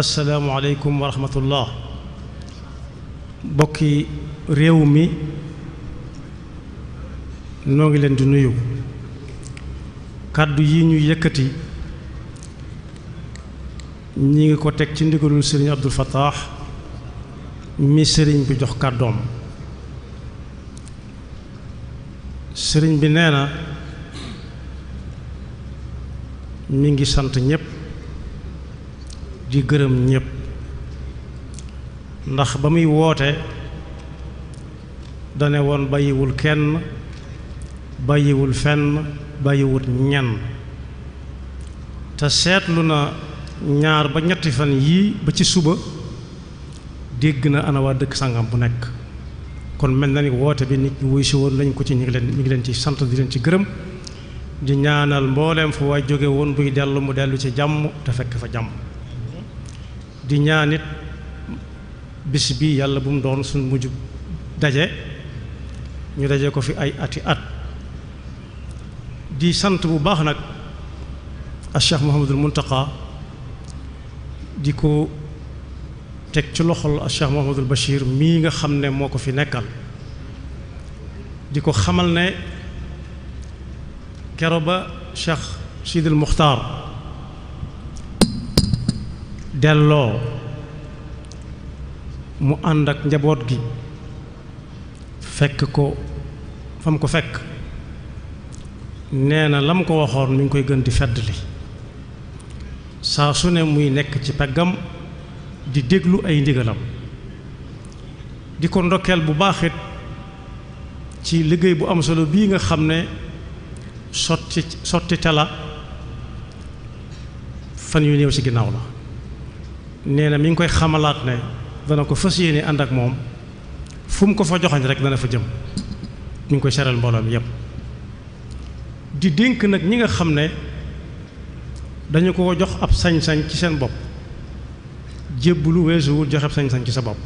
asalaamualeykum wa rahmatullah bokki réew mi noo ngi leen di nuyu kàddu yi ñu yëkkati ñi ngi ko teg ci ndigalul sëriñ Abdul Fattah mi sëriñ bi jox kàddoom sëriñ bi nee na mi ngi sant ñépp di gërëm ñépp ndax ba muy woote dane woon bàyyiwul kenn bàyyiwul fenn bàyyiwul ñenn te seetlu na ñaar ba ñetti fan yii ba ci suba dégg na ana waa dëkk sangam bu nekk kon mel na ni woote bi nit ñi wuy si woon lañ ko ci ñu ngi leen ñu ngi leen ci sant di leen ci gërëm di ñaanal mbooleem fu waay jóge woon buy dellu mu dellu ci jàmm te fekk fa jàmm di ñaanit bis bi yàlla bu mu doon suñ mujj daje ñu daje ko fi ay ati at di sant bu baax nag ak Cheikh Mouhamadul Muntaqa di ko teg ci loxol ak Cheikh Mouhamadul Bachir mii nga xam ne moo ko fi nekkal di ko xamal ne kero ba Cheikh Sidil Muxtaar delloo mu ànd ak njaboot gi fekk ko fa mu ko fekk nee na la mu ko waxoon mi ngi koy gën di feddali saa su ne muy nekk ci peggam di déglu ay ndigalam di ko ndokkeel bu baaxit ci liggéey bu am solo bii nga xam ne sotti sotti te la fan yu néew ci ginnaaw la nee na mi ngi koy xamalaat ne dana ko fas yéene ànd ak moom fu mu ko fa joxañ rek dana fa jëm mi ngi koy seral mbooloom mi yépp di dénk nag ñi nga xam ne dañu ko jox ab sañsañ ci seen bopp jébbalu weesuwul joxe ab sañ-sañ ci sa bopp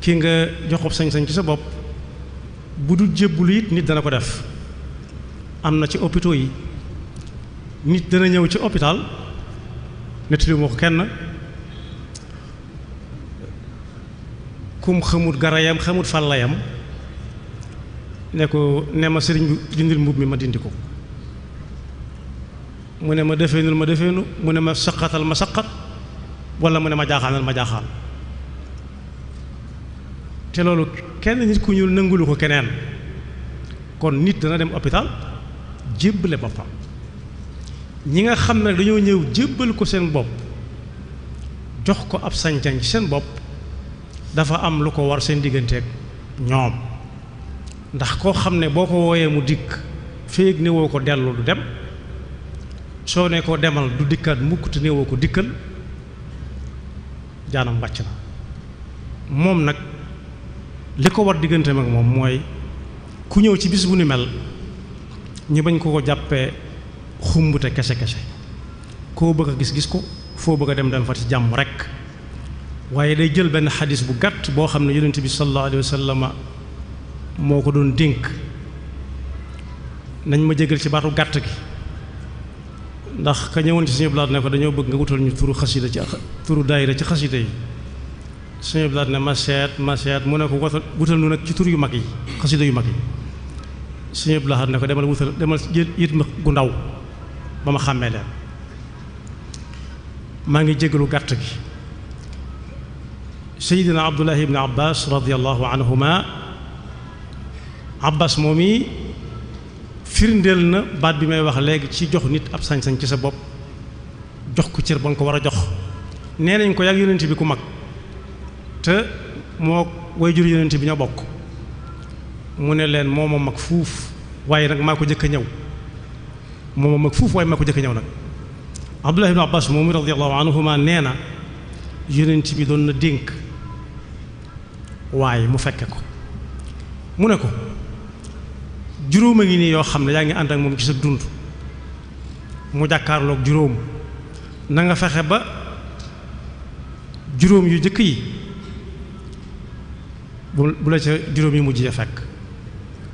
ki nga jox ab ci sa bopp bu dul jébbalu it nit dana ko def am na ci hôpitaux yi nit dana ñëw ci hôpital nettali ma ko kenn kum xamut garayam xamut fàllayam ne ko ne ma sëriñ dindil mbubb mi ma dindi ko mu ne ma defeenul ma defeenu mu ne ma saqatal ma saqat walla mu ne ma jaaxaanal ma jaaxaan te loolu kenn nit ku ñuul nangulu ko keneen kon nit dana dem hôpital jébbale boppam ñi nga xam ne dañoo ñëw jébbal ko seen bopp jox ko ab sañ ci seen bopp dafa am lu ko war seen digganteeg ñoom ndax koo xam ne boo ko wooyee mu dikk féeg ne woo ko dellu du dem soo ne ko demal du dikkaat mukk te ne woo ko dikkal jaanam wàcc na moom nag li ko war digganteem ak moom mooy ku ñëw ci bis bu ni mel ñi bañ ko ko jàppee xumbute kese kese koo bëgg a gis gis ko foo bëgg a dem dem fa ci jàmm rek waaye day jël benn xadis bu gàtt boo xam ne yonent bi sallallahu alayhi wa sallam moo ko doon dénk nañ ma jégal ci baatu gàtt gi ndax ka ñëwoon ci suñu ne ko dañoo bëgg nga wutal ñu turu xasida ci turu daayira ci xasida yi suñu blaat ne ma seet ma seet mu ne ko wutal wutal nu nag ci tur yu mag yi xasida yu mag yi suñu blaat ne ko demal wutal demal jël it ma gu ndaw ba ma xàmmee leen maa ngi jégalu gàtt gi seydina abdullahi ibn abbas radiallahu anhuma abbas moom yi firndeel na baat bi may wax léegi ci jox nit ab sañsañ ci sa bopp jox ko cër ba nga ko war a jox nee nañ ko yàgg yonent bi ku mag te moo way jur yonent bi ñoo bokk mu ne leen moo ma mag fuuf waaye nag maa ko jëkk a ñëw moom mag fuuf waaye maa ko jëkk ñëw nag abdullah ibn abbas moomu radiallahu anhuma nee na yonent bi doon na dénk waaye mu fekke ko mu ne ko juróom a ngi nii yoo xam ne yaa ngi ànd ak moom ci sa dund mu jàkkaarloog juróom na nga fexe ba juróom yu jëkk yi bu bu la ca juróom yi mujj a fekk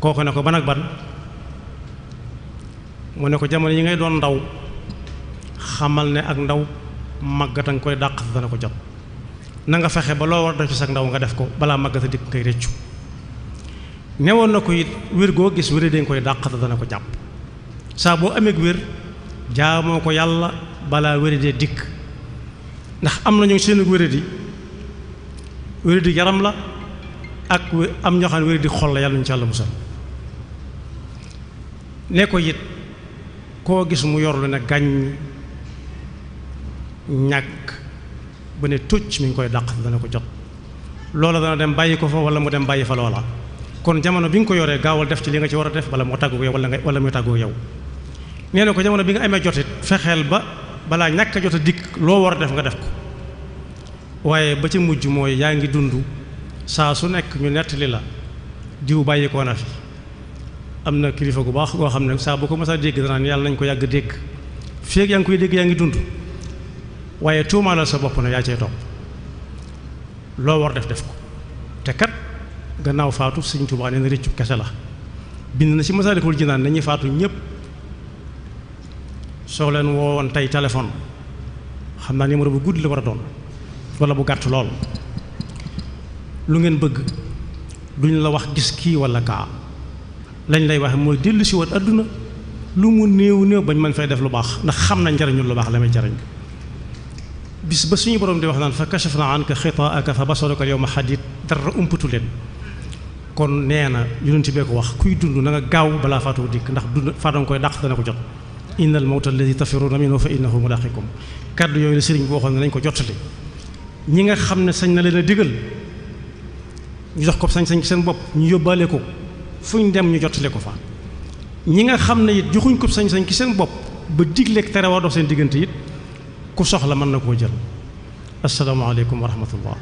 kooku ne ko ba nag ban mu ne ko jamono yi ngay doon ndaw xamal ne ak ndaw màggata nga koy dàq dana ko jot na nga fexe ba loo war def ci sag ndaw nga def ko balaa màggata dikk ngay rëccu newoon na ko it wér goo gis wér dañ koy dàq dana ko jàpp saa boo amee wér jaamoo ko yàlla balaa wéradee dikk ndax am na ñu seen wéradi wéradi yaram la ak am ñoo xam ne wéradi xol la yàlla ñu ci yàlla ne ko it koo gis mu yor lu ne gàññ ñàkk ba ne tucc mi ngi koy daq dana ko jot loola dana dem bàyyi ko fa wala mu dem bàyyi fa loola kon jamono bi nga ko yoree gaawal def ci li nga ci war a def bala moo tàggu yow wala wala muy tàggu yow nee na ko jamono bi nga amee jotit fexeel ba balaa ñàkk a jot a dikk loo war a def nga def ko waaye ba ca mujj mooy yaa ngi dund saa su nekk ñu nettali la diw bàyyi ko na fi am na kilifa gu baax goo xam ne saa boo ko masaa a dégg danaan yàlla nañ ko yàgg dégg feeg yaa ngi koy dégg yaa ngi dund waaye tuumaalal sa bopp na yaa cay topp loo war def def ko te kat gannaaw faatu sëñ Tuubaa nee na kese la bind na ci Masaalikul Jinaan nañuy faatu ñëpp soo leen woowoon tey téléphone xam naa numéro bu gudd la war a doon wala bu gàtt lool lu ngeen bëgg duñ la wax gis kii walla kaa lañ lay wax mooy dellu si àdduna lu mu néew néew bañ mën fay def lu baax ndax xam na njariñul lu baax la may jariñ bis ba suñu borom di wax naan fa kashafna anka xitaaka fa basaruka yawma hadid dara umpatu leen kon nee na yonent bee ko wax kuy dund na nga gaaw balaa faatu dikk ndax dund faatanga koy dàq ko jot innal mawta alladi tafirruuna minhu fa innahu mulaqikum kàddu yooyu la sëriñ bi waxoon ne nañ ko jottali ñi nga xam ne sañ na leen a digal ñu jox ko sañ-sañ seen bopp ñu yóbbaale ko fuñ dem ñu jottali ko fa ñi nga xam ne it joxuñ ko sañ-sañ ki seen bopp ba digleeg tere war dox seen diggante it ku soxla mën na koo jël asalaamaaleykum wa rahmatullah